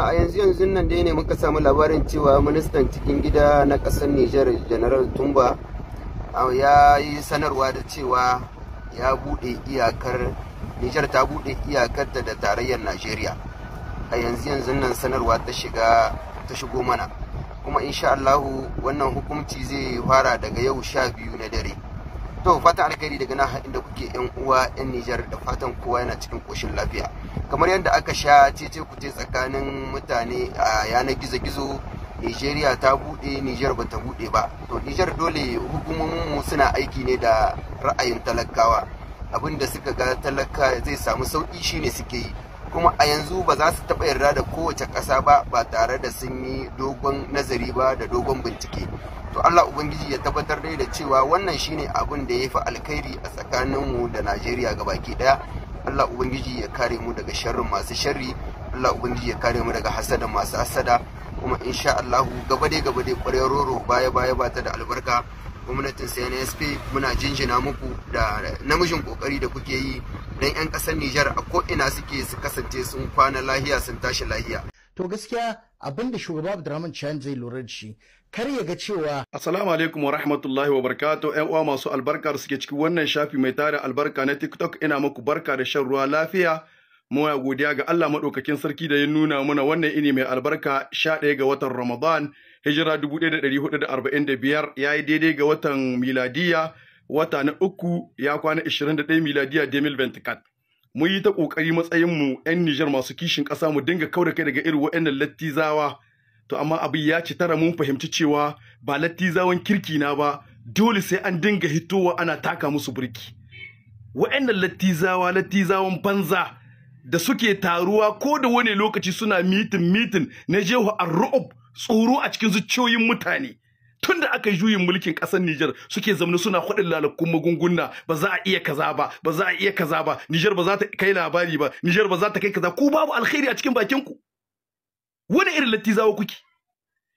a yanzu yanzu nan dai ne muka samu labarin cewa ministan cikin gida na kasar Nijar General Tumba ya yi sanarwa da cewa ya bude iyakar Nijar ta bude iyakar ta da tarayyar Najeriya a yanzu yanzu nan sanarwa ta shiga ta shigo mana kuma insha Allahu wannan hukunci zai fara daga yau sha biyu na dare to fatan alkhairi daga nan inda kuke yan uwa yan Nijar da fatan kowa yana cikin koshin lafiya kamar yadda aka sha cece kuce tsakanin mutane a yanar gizo-gizo Nigeria ta bude Nijar ba ta bude ba to Nijar dole hukumomin mu suna aiki ne da ra'ayin talakawa abin da suka ga talaka zai samu sauki shine suke yi kuma a yanzu ba za su taba yarda da kowace kasa ba ba tare da sun yi dogon nazari ba da dogon bincike to Allah ubangiji ya tabbatar dai da cewa wannan shine abin da ya fi alkhairi a tsakaninmu da Najeriya gabaki daya Allah ubangiji ya kare mu daga sharrin masu sharri Allah ubangiji ya kare mu daga hasada masu hasada kuma insha Allah gaba dai gaba dai roro baya baya ba ta da albarka gwamnatin CNSP muna jinjina muku da namijin kokari da kuke yi dan 'yan kasar Nijar a ko ina suke su kasance sun kwana lahiya sun tashi lahiya. To gaskiya abin da shugaba Abdurrahman Chan zai lura da shi kar ya ga cewa Assalamu alaikum wa rahmatullahi wa barakatu ƴan uwa masu albarka da suke cikin wannan shafi mai tara albarka na TikTok ina muku barka da shan ruwa lafiya muna godiya ga Allah madaukakin sarki da ya nuna mana wannan ini mai albarka 11 ga watan Ramadan hijira 1445 yayi daidai ga watan miladiya wata na uku ya kwana 21 miladiya 2024 mun yi ta kokari matsayin mu ƴan Niger masu kishin ƙasa mu dinga da kai daga irin waɗannan lattizawa to amma abin ya ci tara mun fahimci cewa ba lattizawan kirki na ba dole sai an dinga hitowa ana taka musu burki wa'annan lattizawa lattizawan banza da suke taruwa ko da wani lokaci suna mitin mitin na jehu arru'ub tsoro a cikin zuciyoyin mutane tun da aka juyin mulkin ƙasar Nijar suke zaune suna kwaɗin lalakun magunguna ba za a iya kaza ba ba za a iya kaza ba Nijar ba za ta kai labari ba Nijar ba za ta kai kaza ku babu alkhairi a cikin bakin ku wani irin latti zawo kuke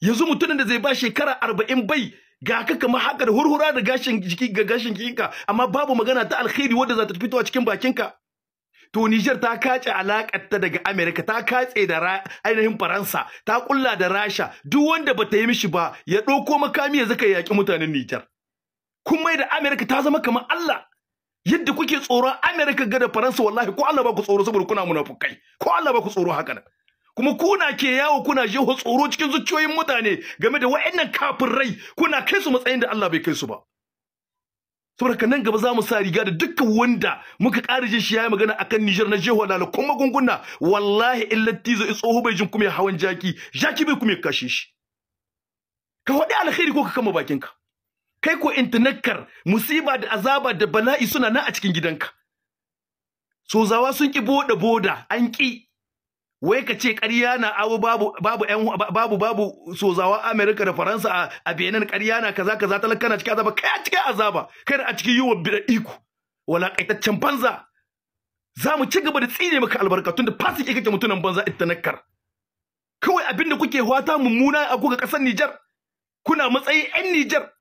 yanzu mutumin da zai ba shekara arba'in bai ga haka kama haka da hurhura da gashin jiki ga gashin jikinka amma babu magana ta alkhairi wadda za ta fito a cikin bakinka to Niger ta kace alakar ta daga Amerika, ta katse da ainihin Faransa ta kulla da Rasha duk wanda bata yi mishi ba ya dauko makami ya zaka yaki mutanen Niger Kumai da Amerika ta zama kamar Allah yadda kuke tsoron Amerika ga da Faransa wallahi ko Allah ba ku tsoro saboda kuna munafukai ko Allah ba ku tsoro haka nan kuma kuna ke yawo kuna jeho tsoro cikin zuciyoyin mutane game da wa'annan kafin rai kuna kai su matsayin da Allah bai kai su ba saboda nan gaba za mu sa riga da dukkan wanda muka ƙara jin shi yi magana akan Nijar na jeho da kun magunguna wallahi illati zo tsoho bai jin kuma ya hawan jaki jaki bai kuma ya kashe shi ka faɗi alkhairi ko ka kama bakinka kai ko intanakar musiba da azaba da bala'i suna nan a cikin gidanka sozawa sun ki boda boda an ki wai ka ce ƙarya na abu babu babu ƴan babu babu sozawa Amerika da Faransa a Benin ƙarya na kaza kaza talaka na cikin azaba kai a cikin azaba kai a cikin yiwa bida iko wala kaitaccen banza za mu ci gaba da tsine maka albarka tunda fasiki kake mutunan banza ita nakar kawai abin da kuke hwata mummuna a kuka ƙasar Nijar kuna matsayi ƴan Nijar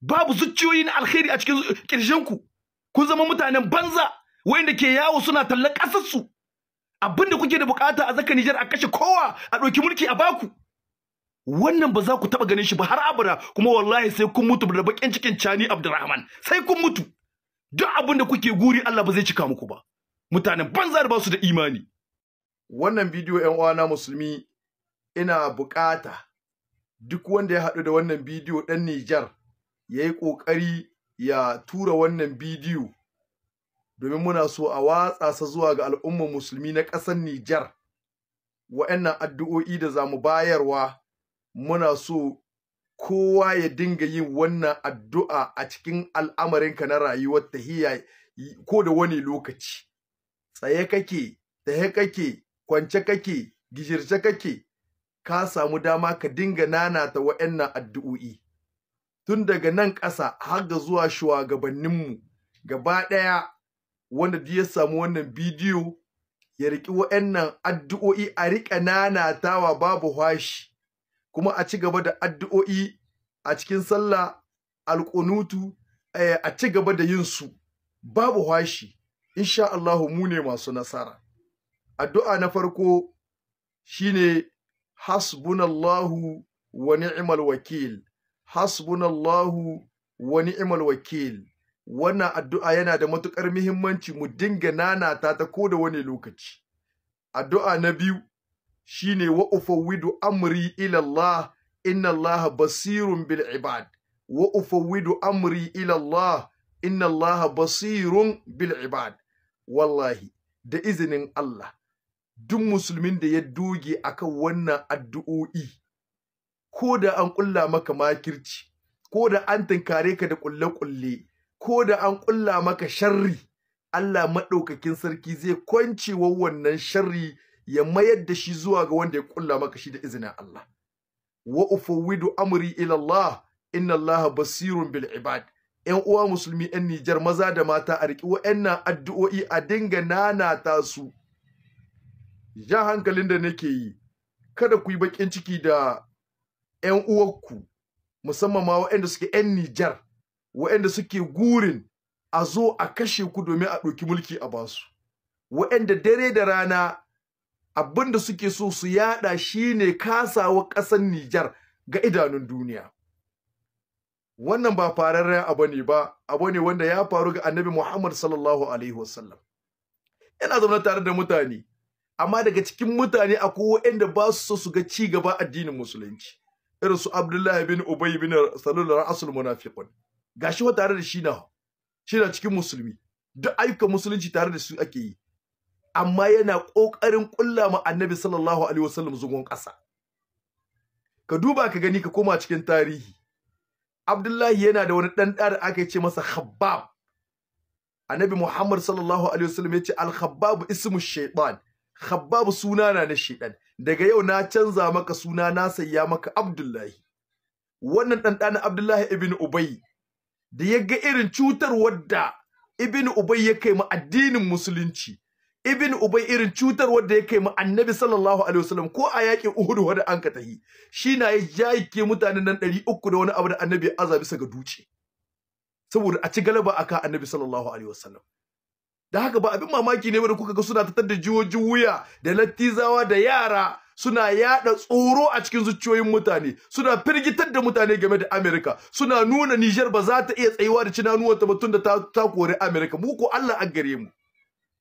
babu zuciyoyi na alkhairi a cikin ƙirjinku kun zama mutanen banza wayanda ke yawo suna kasar ƙasarsu abin da kuke da bukata a zaka Nijar a kashe kowa a ɗauki mulki a baku wannan ba za ku taɓa ganin shi ba har abada kuma wallahi sai kun mutu da bakin cikin cani Abdulrahman sai kun mutu duk abin da kuke guri Allah ba zai cika muku ba mutanen banza da ba su da imani wannan bidiyo ƴan uwana musulmi ina bukata duk wanda ya haɗu da wannan bidiyo ɗan Nijar ya yi ƙoƙari ya tura wannan bidiyo domin muna so a watsa sa zuwa ga al'ummar musulmi na ƙasar Nijar wa'annan addu'o'i da zamu bayarwa muna so kowa ya dinga yin wannan addu'a a cikin al'amarinka na rayuwar tahiyya ko da wani lokaci tsaye kake tahe kake kwance kake gijirce kake ka samu dama ka dinga nanata wa'annan addu'o'i tun daga nan ƙasa har ga zuwa shugabanninmu gaba ɗaya wanda duk ya samu wannan bidiyo ya riki wa'annan addu'o'i a rika nanatawa babu hashi kuma a ci gaba da addu'o'i a cikin sallah alƙunutu eh, a ci gaba da yin su babu hashi insha Allah mu ne masu nasara addu'a na farko shine hasbunallahu wa ni'mal wakil hasbunallahu wa ni'mal wakil wannan addu'a yana da matuƙar muhimmanci mu dinga nanata ta ko da wani lokaci addu'a na biyu shine wa ufawwidu amri ilallah inna Allah basirun bil ibad wa ufawwidu amri ilallah inna Allah basirun bil ibad wallahi da izinin Allah duk musulmin da ya doge akan wannan addu'o'i ko da an ƙulla maka makirci ko da an tankare ka da ƙulle-ƙulle ko da an ƙulla maka sharri Allah maɗaukakin sarki zai kwance wa wannan sharri ya mayar da shi zuwa ga wanda ya ƙulla maka shi da izinin Allah wa ufawwidu amri ila Allah inna Allah basirun bil ibad ƴan uwa musulmi yan Nijar maza da mata a riƙi wa'annan addu'o'i a dinga nana ta su ja hankalin da nake yi kada ku yi baƙin ciki da ƴan uwarku musamman ma waɗanda suke yan Nijar waɗanda suke gurin a zo a kashe ku domin a ɗauki mulki a basu waɗanda dare da rana abin da suke so su yaɗa shine kasawa ƙasar Nijar ga idanun duniya wannan ba fararren abu ne ba abu ne wanda ya faru ga annabi Muhammad sallallahu alaihi wasallam yana zaune tare da mutane amma daga cikin mutane akwai waɗanda ba su so su ga ci gaba addinin musulunci irin su Abdullahi bin Ubay bin Salul ra'asul munafiqun gashi wa tare da shi na shi na cikin musulmi duk ayyukan musulunci tare da su ake yi amma yana kokarin kulla ma annabi sallallahu alaihi wasallam zugon kasa ka duba ka gani ka koma cikin tarihi Abdullahi yana da wani ɗan da aka ce masa Khabbab Annabi Muhammad sallallahu alaihi wasallam yace al-Khabbab ismu shaytan Khabbab suna na na shaytan daga yau na canza maka suna na sayya maka Abdullahi wannan dan Abdullahi ibn ubayy da ya ga irin cutarwar da Ibn Ubay ya kai mu addinin musulunci Ibn Ubay irin cutar da ya kai mu Annabi sallallahu alaihi wasallam ko a yaƙin Uhudu wanda an ka tahi shi na ya jayike mutanen nan 300 da wani abu da Annabi ya aza bisa ga duci saboda a ci galaba akan Annabi sallallahu alaihi wasallam da haka ba abin mamaki ne wanda kuka ga suna tattar da jiwoji wuya da lattizawa da yara suna yada tsoro a cikin zuciyoyin mutane suna firgitar da mutane game da Amerika suna nuna Niger ba za ta iya tsayuwa da cinanuwar ta batun da ta, ta kori Amerika mu ko Allah a gare mu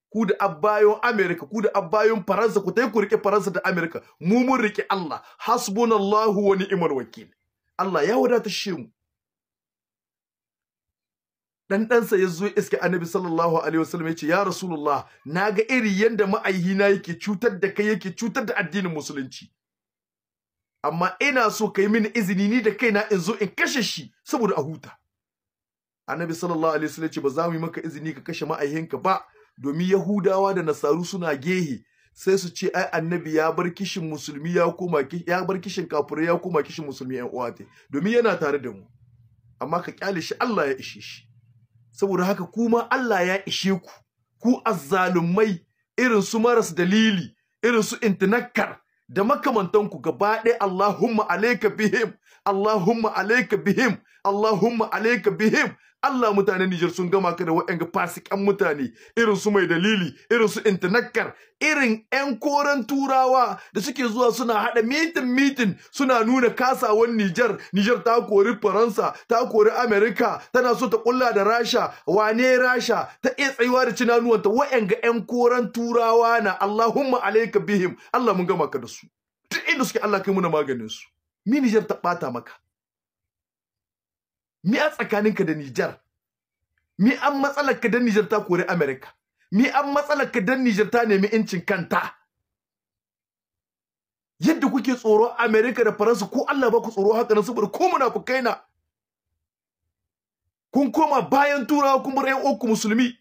ku da abbayon Amerika ku da abbayon Faransa ku tai ku rike Faransa da Amerika mu mun rike Allah hasbunallahu wa ni'mal wakil Allah ya wadata shi mu dan ɗansa ya zo iske annabi sallallahu alaihi wasallam ya ce ya rasulullah na ga iri yanda ma'aihina yake cutar da kai yake cutar da addinin musulunci amma ina so kai mini izini ni da kaina in zo in kashe shi saboda a huta annabi sallallahu alaihi wasallam ya ba za mu yi maka izini ka kashe ma'aihinka ba domin yahudawa da nasaru suna gehe sai su ce ai annabi ya bar kishin musulmi ya koma ya bar kishin kafirai ya koma kishin musulmi ɗan uwa domin yana tare da mu amma ka kyale shi Allah ya ishe shi saboda haka kuma Allah ya ishe ku ku azzalumai irin su maras dalili irin su intinakkar da makamantanku gaba ɗaya Allahumma alayka bihim Allahumma alayka bihim Allahumma alayka bihim Allah mutanen Nijar sun gama ka da waɗanga fasikan mutane irin su mai dalili irin su intanakar irin 'yan koren turawa da suke zuwa suna haɗa mitin mitin suna nuna kasawan Nijar Nijar ta kori Faransa ta kori Amerika tana so ta kulla da Rasha wane Rasha ta iya tsayuwa da cinanuwanta waɗanga 'yan koren turawa na Allahumma alayka bihim Allah mun gama ka da su duk suke Allah kai muna maganin su ni Nijar ta ɓata maka mi a tsakaninka da Nijar mi an matsalar ka dan Nijar ta kori Amerika mi an matsalar ka dan Nijar ta nemi incin kanta yadda kuke tsoro Amerika da Faransa ko Allah ba ku tsoro haka na saboda ko muna munafukai na kun koma bayan turawa kun bar ƴan musulmi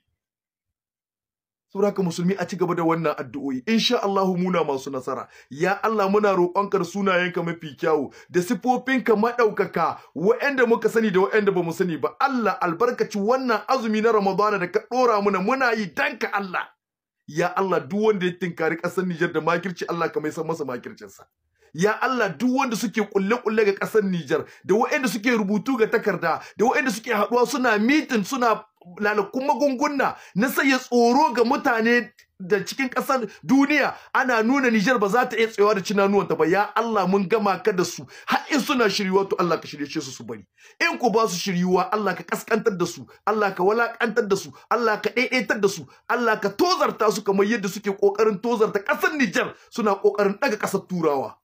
Sauraka musulmi a ci gaba da wannan addu'o'i insha Allahu muna masu nasara ya Allah muna roƙonka da sunayenka mafi kyawu da sifofinka maɗaukaka, waɗanda muka sani da ba bamu sani ba Allah albarkaci wannan azumi na Ramadana da ka dora muna muna yi danka Allah ya Allah duk wanda ya tinkari ƙasar Nijar da makirci Allah ka mai san masa makircinsa ya Allah duk wanda suke kulle-kulle ga ƙasar Nijar da wayanda suke rubutu ga takarda da wayanda suke haɗuwa suna mitin suna lalakun magunguna na sanya tsoro ga mutane da cikin ƙasar duniya ana nuna Nijar ba za ta iya tsayawa da cinanuwan ta ba ya Allah mun gama ka da su har in suna shiryuwa to Allah ka shirye su su bari in ku ba su shiryuwa Allah ka kaskantar da su Allah ka walakantar da su Allah ka daidaitar da su Allah ka tozarta su kamar yadda suke kokarin tozarta ƙasar Nijar suna kokarin daga ƙasar Turawa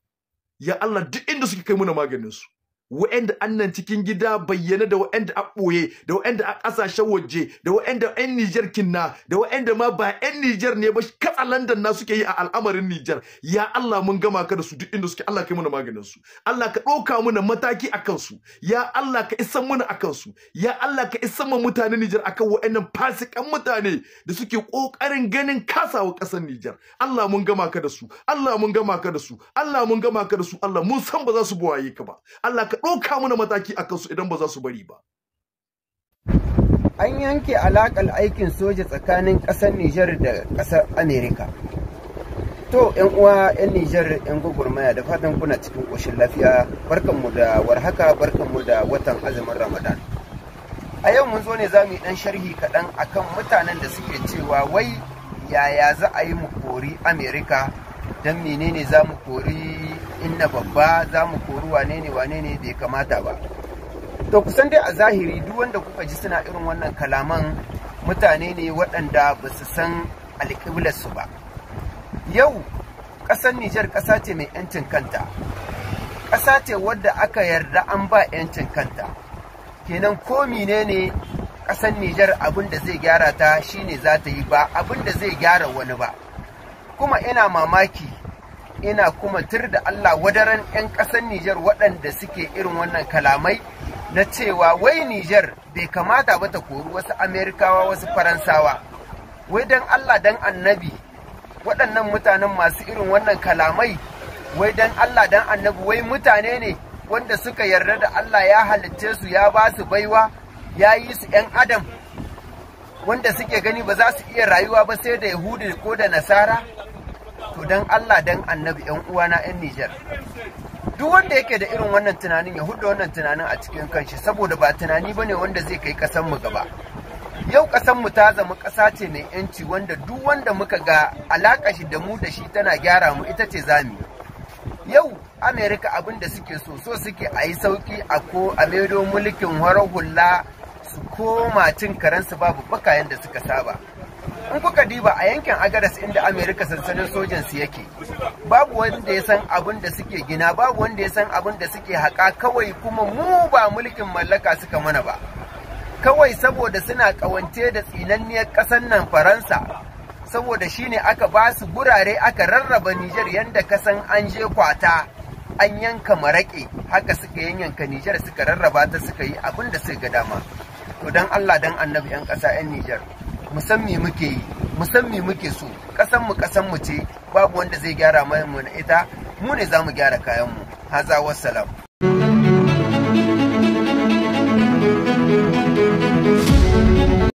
ya Allah duk inda suke kai muna maganin su wa'anda annan cikin gida bayyana da wa'anda a ɓoye da wa'anda a ƙasashen waje da wa'anda 'yan Nijar kinna da wa'anda ma ba 'yan Nijar ne ba landan na suke yi a al'amarin Nijar ya Allah mun gama ka da su duk inda suke Allah kai mana maganin su Allah ka ɗauka mana mataki a kansu ya Allah ka isan mana a kansu ya Allah ka isan ma mutanen Nijar akan wa'annan fasikan mutane da suke ƙoƙarin ganin kasawa ƙasar Nijar Allah mun gama ka da su Allah mun gama ka da su Allah mun gama ka da su Allah mun san ba za su buwaye ka ba Allah ka ɗauka mana mataki a kansu idan ba za su bari ba. An yanke alaƙar aikin soja tsakanin ƙasar Nijar da ƙasar Amerika. To, ‘yan uwa, ‘yan Nijar, ‘yan gwagwarmaya da fatan kuna cikin ƙoshin lafiya, barkanmu da warhaka, barkanmu da watan azumin Ramadan. A yau mun zo ne za mu yi ɗan sharhi kaɗan akan mutanen da suke cewa wai yaya za a yi mu kori Amerika don menene za mu kori inna babba za mu kori wane ne bai kamata ba to kusan dai a zahiri duk wanda kuka ji suna irin wannan kalaman mutane ne waɗanda ba su san alƙiblarsu ba yau ƙasar nijar ƙasa ce mai 'yancin kanta ƙasa ce wadda aka yarda an ba 'yancin kanta kenan ko ne ne ƙasar nijar abin da zai gyara ta shine za ta yi ba abin da zai gyara wani ba kuma ina mamaki ina kuma tur da Allah wadaran 'yan ƙasar Nijar waɗanda suke irin wannan kalamai na cewa wai Nijar bai kamata ba ta kori wasu Amerikawa wasu Faransawa. Wai don Allah don annabi waɗannan mutanen masu irin wannan kalamai wai don Allah don annabi wai mutane ne wanda suka yarda da Allah ya halicce su ya ba su baiwa ya yi su 'yan adam wanda suke gani ba za su iya rayuwa ba sai da Yahudi ko da Nasara. to dan Allah dan annabi yan uwana yan Nijar. duk wanda yake da irin wannan tunanin ya huda wannan tunanin a cikin kanshi saboda ba tunani bane wanda zai kai kasan mu gaba yau kasan mu ta zama kasa ce mai yanci wanda duk wanda muka ga alaka shi da mu da shi tana gyara mu ita ce zamu yau Amerika abin da suke so so suke a yi sauki a ko a maido mulkin horar su koma cin karensu babu bakayen da suka saba in kuka diba a yankin agadas inda amerika sansanin sojansu yake babu wanda ya san abin da suke gina babu wanda ya san abin da suke haƙa kawai kuma mu ba mulkin mallaka suka mana ba kawai saboda suna ƙawance da tsinanniyar ƙasar nan faransa saboda shine aka ba su gurare aka rarraba nijar yadda ka san an je kwata an yanka maraƙe haka suka yanyanka nijar suka rarraba ta suka yi abin da suka ga dama to don allah don annabi 'yan ƙasa 'yan nijar Musamman muke yi mu muke so kasan mu kasan mu ce babu wanda zai gyara mu na ita mu ne za mu gyara kayan mu haza wassalam